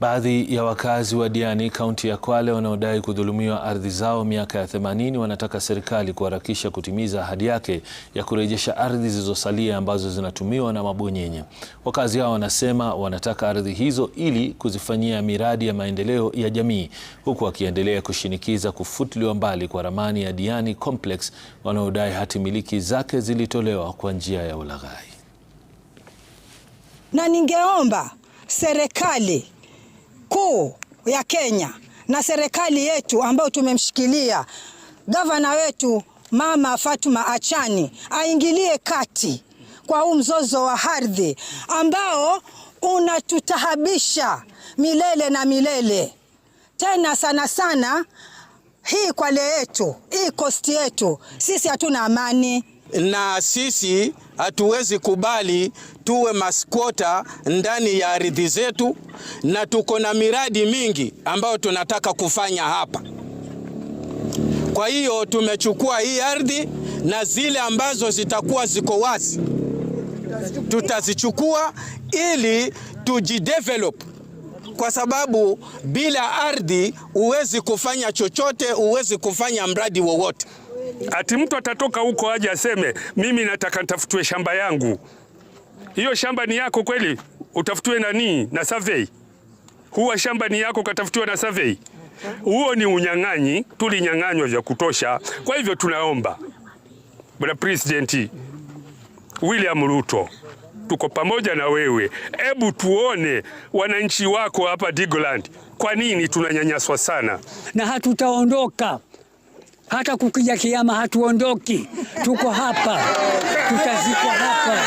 Baadhi ya wakazi wa Diani kaunti ya Kwale wanaodai kudhulumiwa ardhi zao miaka ya 80 wanataka serikali kuharakisha kutimiza ahadi yake ya kurejesha ardhi zilizosalia ambazo zinatumiwa na mabwenyenye. Wakazi hao wanasema wanataka ardhi hizo ili kuzifanyia miradi ya maendeleo ya jamii, huku wakiendelea kushinikiza kufutiliwa mbali kwa ramani ya Diani Complex wanaodai hati miliki zake zilitolewa kwa njia ya ulaghai. Na ningeomba serikali kuu ya Kenya na serikali yetu ambayo tumemshikilia gavana wetu Mama Fatuma Achani aingilie kati kwa huu mzozo wa ardhi ambao unatutahabisha milele na milele, tena sana sana hii Kwale yetu, hii kosti yetu, sisi hatuna amani na sisi hatuwezi kubali tuwe maskwota ndani ya ardhi zetu, na tuko na miradi mingi ambayo tunataka kufanya hapa. Kwa hiyo tumechukua hii ardhi na zile ambazo zitakuwa ziko wazi tutazichukua ili tujidevelop, kwa sababu bila ardhi huwezi kufanya chochote, huwezi kufanya mradi wowote. Ati mtu atatoka huko aje aseme mimi nataka nitafutiwe shamba yangu. Hiyo shamba ni yako kweli? Utafutiwe nani na survey? Huwa shamba ni yako katafutiwa na survey? Huo ni unyang'anyi, tulinyang'anywa vya kutosha. Kwa hivyo tunaomba Bwana President William Ruto, tuko pamoja na wewe, hebu tuone wananchi wako hapa Digoland, kwa nini tunanyanyaswa sana, na hatutaondoka hata kukija kiama hatuondoki, tuko hapa, tutazikwa hapa,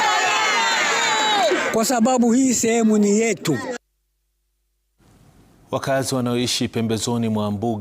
kwa sababu hii sehemu ni yetu. Wakazi wanaoishi pembezoni mwa mbuga